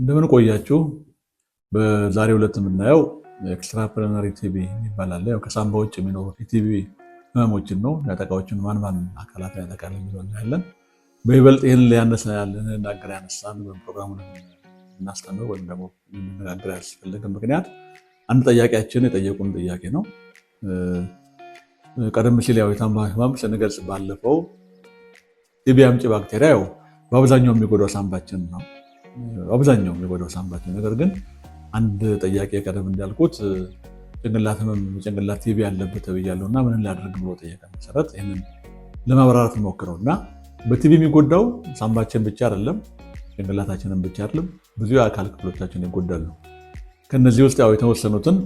እንደምን ቆያችሁ። በዛሬው ዕለት የምናየው ኤክስትራፕላነሪ ቲቪ የሚባል አለ። ያው ከሳምባ ውጭ የሚኖሩ የቲቪ ህመሞችን ነው ያጠቃዎችን ማን ማን አካላት ያጠቃል የሚለው እናያለን። በይበልጥ ይህን ሊያነሳ ልንናገር ያነሳን ወይም ፕሮግራሙን እናስተምር ወይም ደግሞ ልንነጋገር ያስፈልግ ምክንያት አንድ ጠያቂያችን የጠየቁን ጥያቄ ነው። ቀደም ሲል ያው የሳምባ ህመም ስንገልጽ ባለፈው ቲቢ አምጪ ባክቴሪያ ያው በአብዛኛው የሚጎዳው ሳምባችን ነው አብዛኛው የሚጎዳው ሳንባችን። ነገር ግን አንድ ጥያቄ ቀደም እንዳልኩት ጭንቅላት ህመም፣ ጭንቅላት ቲቪ ያለበት ተብያለሁ እና ምንን ላድርግ ብሎ ጠየቀ መሰረት ይህንን ለማብራራት ሞክረው እና በቲቪ የሚጎዳው ሳንባችን ብቻ አይደለም፣ ጭንቅላታችንን ብቻ አይደለም፣ ብዙ የአካል ክፍሎቻችን ይጎዳሉ። ከነዚህ ውስጥ ያው የተወሰኑትን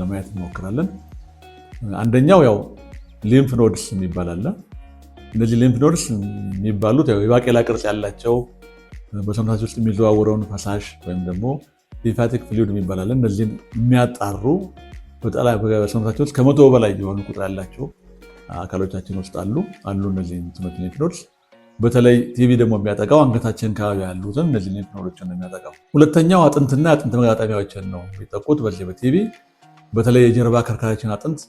ለማየት እንሞክራለን። አንደኛው ያው ሊምፍ ኖድስ የሚባል አለ። እነዚህ ሊምፍ ኖድስ የሚባሉት የባቄላ ቅርጽ ያላቸው በሰውነታች ውስጥ የሚዘዋወረውን ፈሳሽ ወይም ደግሞ ሊምፋቲክ ፍሉድ የሚባላለን እነዚህን የሚያጣሩ በሰውነታችን ውስጥ ከመቶ በላይ የሆኑ ቁጥር ያላቸው አካሎቻችን ውስጥ አሉ አሉ እነዚህ ትምህርት ኔትኖች በተለይ ቲቪ ደግሞ የሚያጠቃው አንገታችን ካባቢ ያሉትን እነዚህ ኔትኖችን ነው የሚያጠቃው። ሁለተኛው አጥንትና አጥንት መገጣጠሚያዎችን ነው የሚጠቁት። በዚህ በቲቪ በተለይ የጀርባ ከርካሪያችን አጥንት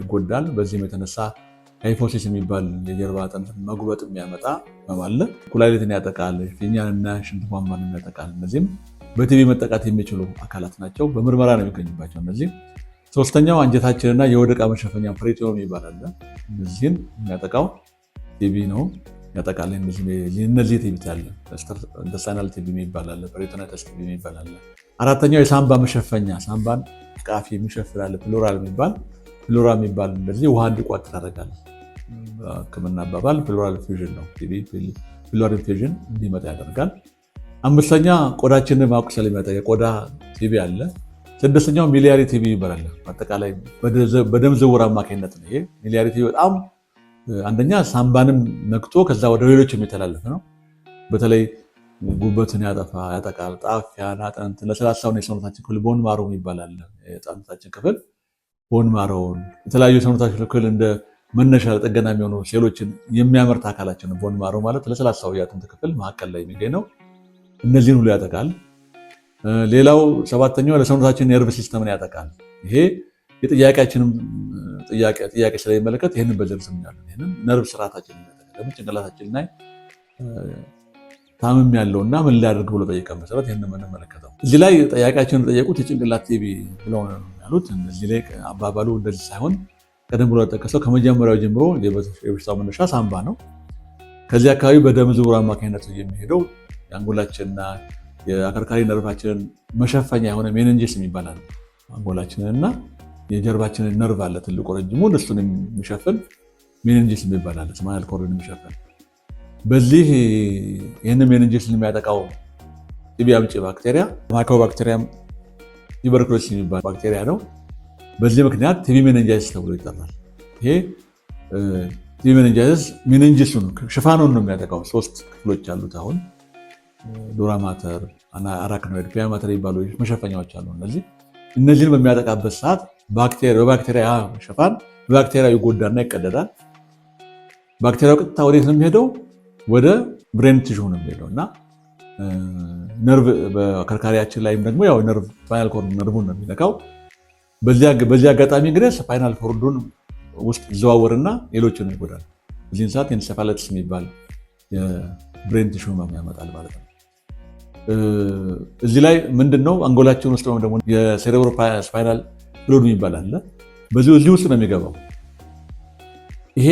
ይጎዳል። በዚህም የተነሳ ሃይፖሲስ የሚባል የጀርባ አጥንት መጉበጥ የሚያመጣ መማለ ኩላሊትን ያጠቃል፣ ፊኛንና ሽንት ቧንቧንም ያጠቃል። እነዚህም በቲቪ መጠቃት የሚችሉ አካላት ናቸው። በምርመራ ነው የሚገኙባቸው እነዚህ። ሶስተኛው አንጀታችንና የሆድ ዕቃ መሸፈኛ ፐሪቶኒየም ይባላል። እነዚህን የሚያጠቃው ቲቪ ነው ያጠቃል። እነዚህ ቲቪ ያለ ኢንተስታይናል ቲቪ ይባላል፣ ፐሪቶኒያታስ ቲቪ ይባላል። አራተኛው የሳምባ መሸፈኛ ሳምባን ቃፊ የሚሸፍናል፣ ፕሎራል የሚባል ፕሎራ የሚባል እንደዚህ ውሃ እንዲቋጥር ያደርጋል። በሕክምና አባባል ፕሉራል ኢንፊውዥን ነው። እንግዲህ ፕሉራል ኢንፊውዥን እንዲመጣ ያደርጋል። አምስተኛ ቆዳችንን ማቁሰል የሚመጣ የቆዳ ቲቪ አለ። ስድስተኛው ሚሊያሪ ቲቪ ይባላል። በአጠቃላይ በደም ዝውውር አማካኝነት ነው። ይሄ ሚሊያሪ ቲቪ በጣም አንደኛ ሳምባንም ነክቶ ከዛ ወደ ሌሎች የሚተላለፍ ነው። በተለይ ጉበትን ያጠፋ ያጠቃል። ጣፊያን፣ አጥንት፣ ለስላሳውን የሰውነታችን ክፍል ቦን ማሮ ይባላል። የጣንታችን ክፍል ቦን ማሮውን የተለያዩ የሰውነታችን ክፍል እንደ መነሻ ለጥገና የሚሆኑ ሴሎችን የሚያመርት አካላችን ቦን ማሮ ማለት ለስላሳው የአጥንት ክፍል መካከል ላይ የሚገኝ ነው። እነዚህን ሁሉ ያጠቃል። ሌላው ሰባተኛው ለሰውነታችን ነርቭ ሲስተምን ያጠቃል። ይሄ የጥያቄያችንም ጥያቄ ስለሚመለከት ይህንን በዝርዝር ስምኛለን። ይህንን ነርቭ ስርዓታችን ያጠቃል። ጭንቅላታችን ላይ ታምም ያለው እና ምን ሊያደርግ ብሎ ጠየቀ መሰረት ይህን የምንመለከተው እዚህ ላይ ጠያቂያችን የጠየቁት የጭንቅላት ቲቪ ብለው ያሉት እዚህ ላይ አባባሉ እንደዚህ ሳይሆን ቀደም ብሎ ያጠቀሰው ከመጀመሪያው ጀምሮ የበሽታው መነሻ ሳምባ ነው። ከዚህ አካባቢ በደም ዝውውር አማካኝነት የሚሄደው የአንጎላችንና የአከርካሪ ነርቫችንን መሸፈኛ የሆነ ሜንንጅስ የሚባላል አለ። አንጎላችንንና የጀርባችንን ነርቭ አለ ትልቁ ረጅሙ፣ እሱን የሚሸፍን ሜንንጅስ የሚባላል ስማል ስፓይናል ኮርድን የሚሸፍን በዚህ ይህን ሜንንጅስ የሚያጠቃው ቲቢ አምጪ ባክቴሪያ ማይኮባክቴሪያም ቱበርኩሎሲስ የሚባል ባክቴሪያ ነው። በዚህ ምክንያት ቲቪ ሜኒንጃይተስ ተብሎ ይጠራል። ይሄ ቲቪ ሜኒንጃይተስ ሜኒንጅሱን ሽፋኑን ነው የሚያጠቃው። ሶስት ክፍሎች አሉት። አሁን ዱራ ማተር፣ አራክኖይድ፣ ፒያ ማተር የሚባሉ መሸፈኛዎች አሉ። እነዚህ እነዚህን በሚያጠቃበት ሰዓት በባክቴሪያ ሽፋን በባክቴሪያ ይጎዳና ይቀደዳል። ባክቴሪያው ቀጥታ ወዴት ነው የሚሄደው? ወደ ብሬን ቲሹ ነው የሚሄደው እና ነርቭ በከርካሪያችን ላይም ደግሞ ያው ነርቭ ስፓይናል ኮርድ ነርቡን ነው የሚነካው በዚህ አጋጣሚ እንግዲህ ስፓይናል ኮርዱን ውስጥ ይዘዋወርና ሌሎችን ይጎዳል። በዚህን ሰዓት ኤንሴፋላይትስ የሚባል የብሬን ቲሹ ህመም ያመጣል ማለት ነው። እዚህ ላይ ምንድን ነው አንጎላችን ውስጥ ወይም ደግሞ የሴሬብሮ ስፓይናል ፍሉድ የሚባል አለ። በዚህ እዚህ ውስጥ ነው የሚገባው። ይሄ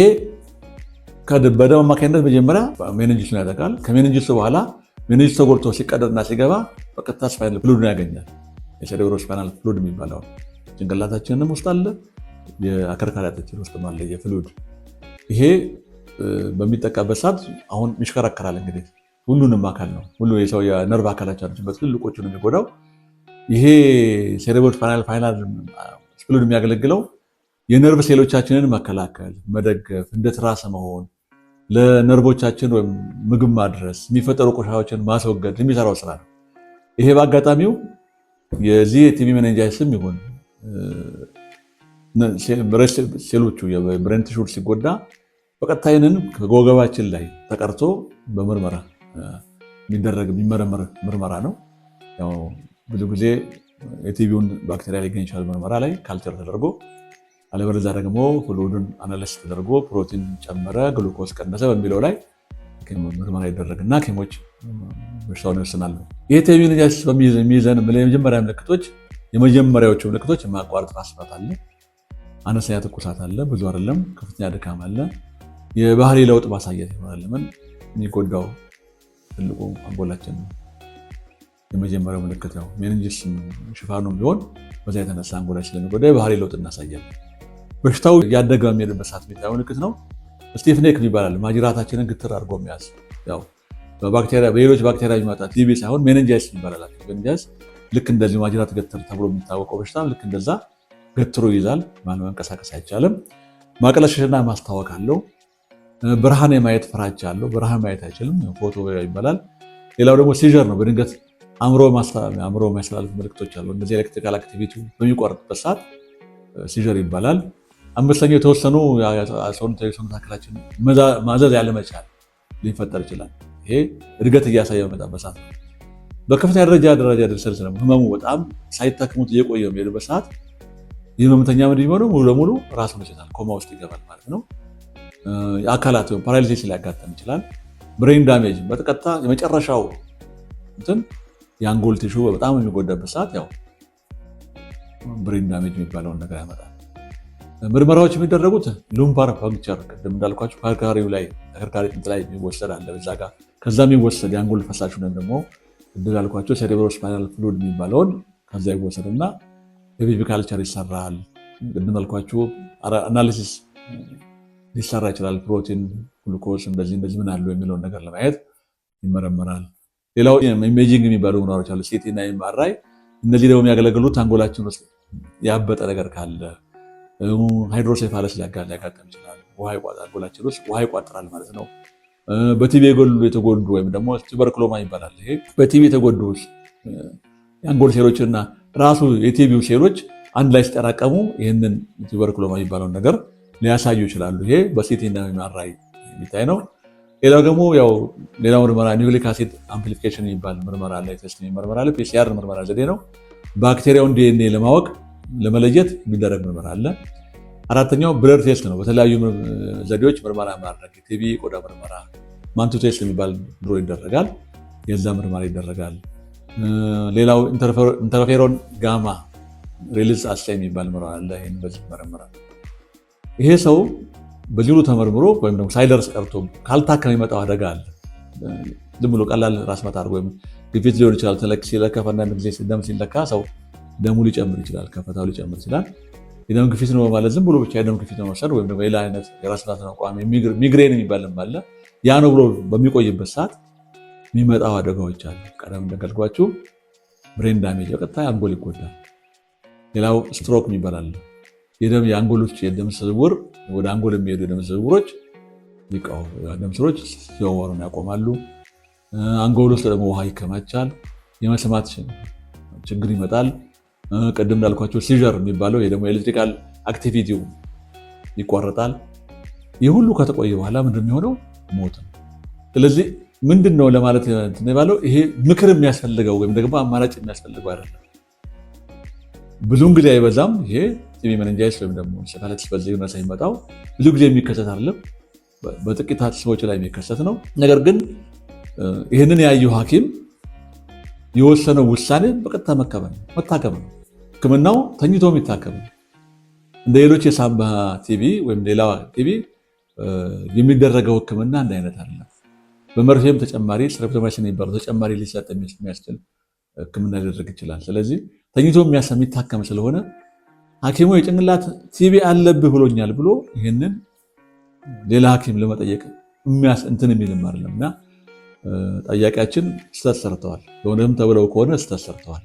በደም አማካኝነት መጀመሪያ ሜንጅስን ያጠቃል። ከሜንንጅስ በኋላ ሜንንጅስ ተጎድቶ ሲቀደድና ሲገባ በቀጥታ ስፓይናል ፍሉድን ያገኛል። የሴሬብሮ ስፓይናል ፍሉድ የሚባለው ጭንቅላታችንንም ውስጥ አለ፣ የአከርካሪያችን ውስጥ አለ የፍሉድ ይሄ በሚጠቃበት ሰዓት አሁን ይሽከረከራል። እንግዲህ ሁሉንም አካል ነው ሁሉ የሰው የነርቭ አካላችን ነው የሚጎዳው ይሄ ሴሬብሮ ስፓይናል ፍሉድ የሚያገለግለው የነርቭ ሴሎቻችንን መከላከል፣ መደገፍ፣ እንደ ትራስ መሆን፣ ለነርቮቻችን ወይም ምግብ ማድረስ፣ የሚፈጠሩ ቆሻዎችን ማስወገድ የሚሰራው ስራ ነው። ይሄ በአጋጣሚው የዚህ የቲቪ መነንጃይስም ይሁን ሴሎቹ የብሬን ቲሹ ሲጎዳ በቀጥታ ይህንን ከወገባችን ላይ ተቀርቶ በምርመራ የሚደረግ የሚመረመር ምርመራ ነው። ብዙ ጊዜ የቲቪውን ባክቴሪያ ሊገኝ ይችላል ምርመራ ላይ ካልቸር ተደርጎ አለበለዚያ ደግሞ ፍሉድን አናለስ ተደርጎ ፕሮቲን ጨመረ፣ ግሉኮስ ቀነሰ በሚለው ላይ ምርመራ ይደረግና ኬሞች በሽታውን ይወስናሉ። ይህ ቲቪን የሚይዘን የመጀመሪያ ምልክቶች የመጀመሪያዎቹ ምልክቶች የማቋረጥ ራስምታት አለ፣ አነስተኛ ትኩሳት አለ፣ ብዙ አይደለም፣ ከፍተኛ ድካም አለ። የባህሪ ለውጥ ማሳየት ይሆናል። ለምን የሚጎዳው ትልቁ አንጎላችን ነው። የመጀመሪያው ምልክት ያው ሜንንጅስ ሽፋኑ ቢሆን በዛ የተነሳ አንጎላችን ስለሚጎዳ የባህሪ ለውጥ እናሳያል። በሽታው እያደገ የሚሄድበት ሰዓት የሚታየው ምልክት ነው። ስቴፍኔክ ይባላል። ማጅራታችንን ግትር አድርጎ መያዝ ያው በሌሎች ባክቴሪያ የሚመጣ ቲቪ ሳይሆን ሜንንጃይስ ይባላል። ሜንንጃይስ ልክ እንደዚህ ማጅራት ገትር ተብሎ የሚታወቀው በሽታ ልክ እንደዛ ገትሮ ይይዛል። ማን መንቀሳቀስ አይቻልም። ማቅለሽና ማስታወክ አለው። ብርሃን የማየት ፍራቻ አለው። ብርሃን ማየት አይችልም፣ ፎቶ ይባላል። ሌላው ደግሞ ሲጀር ነው። በድንገት አእምሮ የሚያስተላልፍ ምልክቶች አሉ። እነዚህ ኤሌክትሪካል አክቲቪቲ በሚቆርጥበት ሰዓት ሲር ይባላል። አምስተኛው የተወሰኑ ሰውነት አካላችን ማዘዝ ያለመቻል ሊፈጠር ይችላል። ይሄ እድገት እያሳየ በመጣበት ሰዓት ነው። በከፍተኛ ደረጃ ደረጃ ደርሰን ስለ ህመሙ በጣም ሳይታክሙት እየቆየ የሚሄድበት ሰዓት የህመምተኛ ምድ የሚሆነው ሙሉ ለሙሉ ራሱን ይችላል፣ ኮማ ውስጥ ይገባል ማለት ነው። የአካላት ወይም ፓራሊሲስ ሊያጋጠም ይችላል። ብሬን ዳሜጅ በተቀጣ የመጨረሻው እንትን የአንጎል ቲሹ በጣም የሚጎዳበት ሰዓት ያው ብሬን ዳሜጅ የሚባለውን ነገር ያመጣል። ምርመራዎች የሚደረጉት ሉምባር ፓንክቸር ቅድም እንዳልኳቸው ከርካሪው ላይ ተከርካሪ ጥንት ላይ የሚወሰድ አለ። በዛ ጋር ከዛ የሚወሰድ የአንጎል ፈሳሽ ወይም ደግሞ ቅድም ያልኳቸው ሴሬብሮ ስፓይናል ፍሉድ የሚባለውን ከዛ ይወሰድና የቤቢ ካልቸር ይሰራል። ቅድም አናሊሲስ ሊሰራ ይችላል። ፕሮቲን፣ ግሉኮስ እንደዚህ እንደዚህ ምን አለው የሚለውን ነገር ለማየት ይመረመራል። ሌላው ኢሜጂንግ የሚባሉ ምርመራዎች አሉ፣ ሲቲ እና ኤምአርአይ። እነዚህ ደግሞ የሚያገለግሉት አንጎላችን ውስጥ ያበጠ ነገር ካለ ሃይድሮሴፋለስ ሊያጋጥም ይችላል። ውሃ ይቋጥራል፣ አንጎላችን ውስጥ ውሃ ይቋጥራል ማለት ነው። በቲቪ የጎሉ የተጎዱ ወይም ደግሞ ቱበርክሎማ ይባላል። ይሄ በቲቪ የተጎዱ የአንጎል እና ራሱ የቲቪው ሴሎች አንድ ላይ ሲጠራቀሙ ይህንን ቱበርክሎማ የሚባለውን ነገር ሊያሳዩ ይችላሉ። ይሄ በሲቲና ማራይ የሚታይ ነው። ሌላው ደግሞ ያው ሌላ ምርመራ ኒውክሊክ አሲድ አምፕሊፊኬሽን የሚባል ምርመራ አለ። ቴስት ምርመራ አለ። ፒሲአር ምርመራ ዘዴ ነው። ባክቴሪያውን ዲኤንኤ ለማወቅ ለመለየት የሚደረግ ምርመራ አለ። አራተኛው ብለድ ቴስት ነው። በተለያዩ ዘዴዎች ምርመራ ማድረግ ቲቪ ቆዳ ምርመራ ማንቱ ቴስት የሚባል ድሮ ይደረጋል። የዛ ምርመራ ይደረጋል። ሌላው ኢንተርፌሮን ጋማ ሪሊዝ አስ የሚባል ምርመራ አለ። ይህን በዚህ ይመረምራል። ይሄ ሰው በዚሁ ተመርምሮ ወይም ደግሞ ሳይደርስ ቀርቶ ካልታከም የሚመጣው አደጋ አለ። ዝም ብሎ ቀላል ራስ መታር ወይም ግፊት ሊሆን ይችላል። ሲለከፈ አንዳንድ ጊዜ ደም ሲለካ ሰው ደሙ ሊጨምር ይችላል፣ ከፈታው ሊጨምር ይችላል። የደም ግፊት ነው ማለት ዝም ብሎ ብቻ የደም ግፊት ነው መውሰድ ወይም ሌላ አይነት የራስ ምታትና ቋሚ ሚግሬን የሚባልም አለ። ያ ነው ብሎ በሚቆይበት ሰዓት የሚመጣው አደጋዎች አሉ። ቀደም እንደገልኳችሁ ብሬን ዳሜጅ በቀጥታ አንጎል ይጎዳል። ሌላው ስትሮክ የሚባል አለ። የደም የአንጎሎች የደም ስውር ወደ አንጎል የሚሄዱ የደም ስውሮች ደም ስሮች ሲዘዋወሩን ያቆማሉ። አንጎል ውስጥ ደግሞ ውሃ ይከማቻል። የመስማት ችግር ይመጣል። ቅድም እንዳልኳቸው ሲዥር የሚባለው ደግሞ ኤሌክትሪካል አክቲቪቲው ይቋረጣል። ይህ ሁሉ ከተቆየ በኋላ ምንድን የሚሆነው ሞት ነው። ስለዚህ ምንድን ነው ለማለት ባለው ይሄ ምክር የሚያስፈልገው ወይም ደግሞ አማራጭ የሚያስፈልገው አይደለም። ብዙን ጊዜ አይበዛም። ይሄ ቲቪ መንንጃይስ ወይም ደግሞ ሴፋላይቲስ በዚህ ሁኔታ ይመጣው ብዙ ጊዜ የሚከሰት አይደለም፣ በጥቂት ሰዎች ላይ የሚከሰት ነው። ነገር ግን ይህንን ያየው ሐኪም የወሰነው ውሳኔ በቀጥታ መከበል መታከም ነው። ህክምናው ተኝቶ የሚታከም እንደ ሌሎች የሳምባ ቲቪ ወይም ሌላ ቲቪ የሚደረገው ህክምና አንድ አይነት አለ። በመርፌም ተጨማሪ ስሬፕቶማይሲን የሚባለው ተጨማሪ ሊሰጥ የሚያስችል ህክምና ሊደረግ ይችላል። ስለዚህ ተኝቶ የሚታከም ስለሆነ ሐኪሙ የጭንቅላት ቲቪ አለብህ ብሎኛል ብሎ ይህንን ሌላ ሐኪም ለመጠየቅ እንትን የሚልም አይደለም እና ጠያቂያችን ስህተት ሰርተዋል። ለሆነም ተብለው ከሆነ ስህተት ሰርተዋል።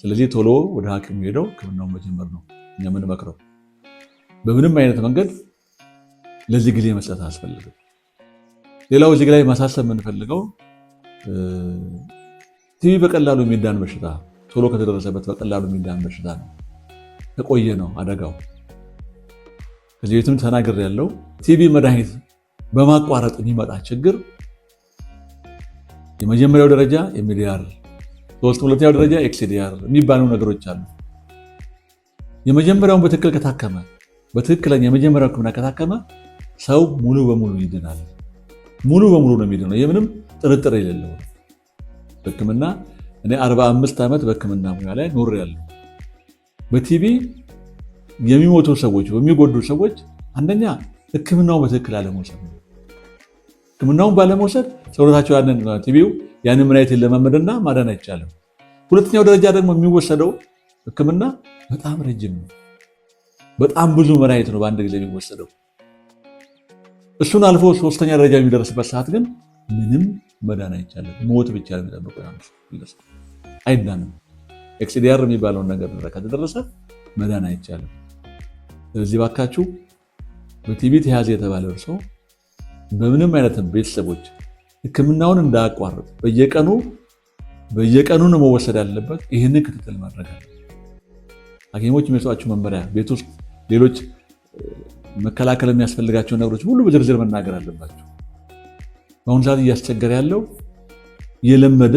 ስለዚህ ቶሎ ወደ ሐኪም ሄደው ሕክምናውን መጀመር ነው የምንመክረው። በምንም አይነት መንገድ ለዚህ ጊዜ መስጠት አያስፈልግም። ሌላው እዚህ ላይ ማሳሰብ የምንፈልገው ቲቪ በቀላሉ የሚዳን በሽታ ቶሎ ከተደረሰበት በቀላሉ የሚዳን በሽታ ነው። ተቆየ ነው አደጋው። ከዚህ ቤትም ተናግር ያለው ቲቪ መድኃኒት በማቋረጥ የሚመጣ ችግር የመጀመሪያው ደረጃ የሚዲያር በውስጥ ሁለተኛው ደረጃ ኤክስዲአር የሚባሉ ነገሮች አሉ። የመጀመሪያውን በትክክል ከታከመ በትክክለኛ የመጀመሪያው ሕክምና ከታከመ ሰው ሙሉ በሙሉ ይድናል። ሙሉ በሙሉ ነው የሚድነው። የምንም ጥርጥር የሌለው ሕክምና እኔ 45 ዓመት በሕክምና ሙያ ላይ ኖሬያለሁ። በቲቪ የሚሞቱ ሰዎች በሚጎዱ ሰዎች አንደኛ ሕክምናውን በትክክል አለመውሰድ ነው። ሕክምናውን ባለመውሰድ ሰውነታቸው ያንን ቲቪው ያንን ምናየት ለማመድና ማዳን አይቻልም። ሁለተኛው ደረጃ ደግሞ የሚወሰደው ህክምና በጣም ረጅም ነው። በጣም ብዙ መድኃኒት ነው በአንድ ጊዜ የሚወሰደው። እሱን አልፎ ሶስተኛ ደረጃ የሚደርስበት ሰዓት ግን ምንም መዳን አይቻልም። ሞት ብቻ ነው የሚጠብቀው። አይዳንም። ኤክስዲያር የሚባለውን ነገር ከተደረሰ መዳን አይቻልም። ስለዚህ ባካችሁ በቲቪ ተያዘ የተባለ ሰው በምንም አይነትም ቤተሰቦች ህክምናውን እንዳያቋርጥ በየቀኑ በየቀኑ ነው መወሰድ ያለበት። ይህንን ክትትል ማድረግ አለ። ሐኪሞች የሚሰጧቸው መመሪያ ቤት ውስጥ ሌሎች መከላከል የሚያስፈልጋቸው ነገሮች ሁሉ በዝርዝር መናገር አለባቸው። በአሁኑ ሰዓት እያስቸገረ ያለው የለመደ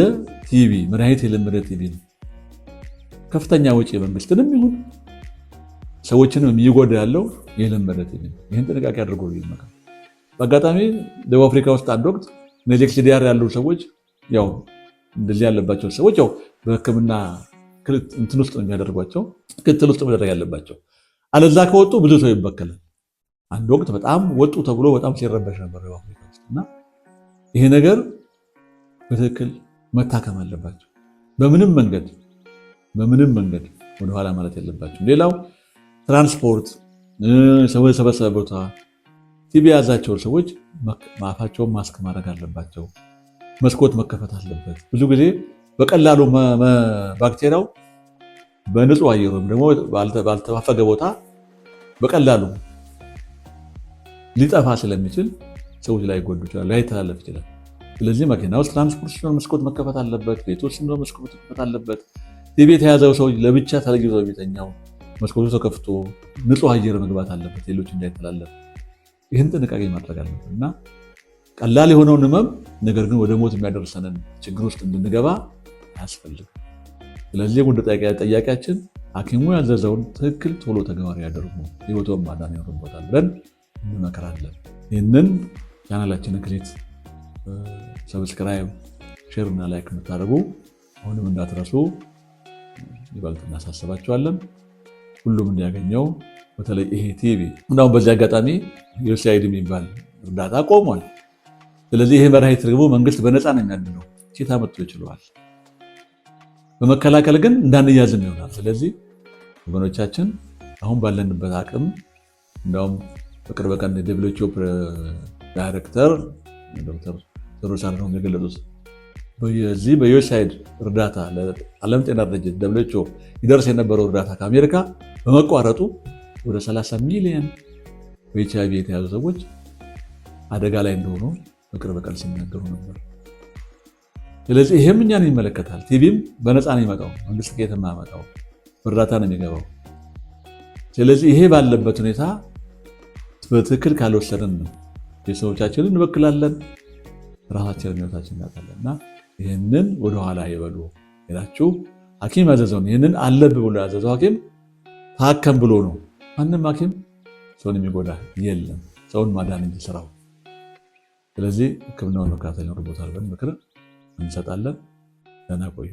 ቲቪ መድኃኒት የለመደ ቲቪ ነው። ከፍተኛ ወጪ መንግስትንም ይሁን ሰዎችንም የሚጎዳ ያለው የለመደ ቲቪ ነው። ይህን ጥንቃቄ አድርጎ ይመቃል። በአጋጣሚ ደቡብ አፍሪካ ውስጥ አንድ ወቅት እነዚህ ዲያር ያሉ ሰዎች ያው እንደዚህ ያለባቸው ሰዎች ያው በሕክምና እንትን ውስጥ ነው የሚያደርጓቸው፣ ክትል ውስጥ መደረግ ያለባቸው። አለዛ ከወጡ ብዙ ሰው ይበከላል። አንድ ወቅት በጣም ወጡ ተብሎ በጣም ሲረበሽ ነበር እና ይሄ ነገር በትክክል መታከም አለባቸው። በምንም መንገድ በምንም መንገድ ወደኋላ ማለት የለባቸው። ሌላው ትራንስፖርት ሰው የሰበሰበ ቦታ ቲቪ የያዛቸውን ሰዎች ማፋቸውን ማስክ ማድረግ አለባቸው። መስኮት መከፈት አለበት። ብዙ ጊዜ በቀላሉ ባክቴሪያው በንጹህ አየር ወይም ደግሞ ባልተፋፈገ ቦታ በቀላሉ ሊጠፋ ስለሚችል ሰዎች ላይ ይጎዱ ይችላል፣ ላይ ተላለፍ ይችላል። ስለዚህ መኪና ውስጥ ትራንስፖርት ሲሆን መስኮት መከፈት አለበት። ቤት ውስጥ ሲሆን መስኮት መከፈት አለበት። ቲቢ የተያዘው ሰው ለብቻ ተለይቶ የሚተኛው መስኮቱ ተከፍቶ ንጹህ አየር መግባት አለበት፣ ሌሎች እንዳይተላለፍ ይህን ጥንቃቄ ማድረግ አለብን እና ቀላል የሆነውን ህመም ነገር ግን ወደ ሞት የሚያደርሰንን ችግር ውስጥ እንድንገባ አያስፈልግም። ስለዚህ ጉዳይ ጠያቂያችን ሐኪሙ ያዘዘውን ትክክል ቶሎ ተግባራዊ ያደርጉ ህይወቶን ማዳን ይኖርበታል ብለን እንመከራለን። ይህንን ቻናላችንን ክሌት ሰብስክራይብ፣ ሼር እና ላይክ የምታደርጉ አሁንም እንዳትረሱ ይበልጥ እናሳስባቸዋለን። ሁሉም እንዲያገኘው በተለይ ይሄ ቲቪ እንዳሁም በዚህ አጋጣሚ ዩኤስኤአይዲ የሚባል እርዳታ ቆሟል። ስለዚህ ይሄ መድኃኒት ደግሞ መንግስት በነፃ ነው የሚያድነው። ሴት መጥቶ ይችለዋል። በመከላከል ግን እንዳንያዝም ይሆናል። ስለዚህ ወገኖቻችን አሁን ባለንበት አቅም እንዳውም በቅርብ ቀን ደብሊውኤችኦ ዳይሬክተር ዶክተር ቴድሮስ አድሃኖም የገለጹት በዚህ በዩኤስኤአይዲ እርዳታ ለዓለም ጤና ድርጅት ደብሊውኤችኦ ይደርስ የነበረው እርዳታ ከአሜሪካ በመቋረጡ ወደ 30 ሚሊዮን በኤች አይቪ የተያዙ ሰዎች አደጋ ላይ እንደሆኑ በቅርብ ቀን ሲናገሩ ነበር። ስለዚህ ይህም እኛን ይመለከታል። ቲቪም በነፃ ነው የሚመጣው፣ መንግስት ከየት የማያመጣው በእርዳታ ነው የሚገባው። ስለዚህ ይሄ ባለበት ሁኔታ በትክክል ካልወሰድን ነው ቤተሰቦቻችንን እንበክላለን፣ ራሳችንን ህይወታችን እናጣለን። እና ይህንን ወደኋላ ይበሉ ይላችሁ ሐኪም ያዘዘውን ይህንን አለብ ብሎ ያዘዘው ሐኪም ታከም ብሎ ነው ማንም ሐኪም ሰውን የሚጎዳ የለም። ሰውን ማዳን እንጂ ስራው። ስለዚህ ሕክምናውን መከታተል ይኖርቦታል ብለን ምክር እንሰጣለን። ደህና ቆዩ።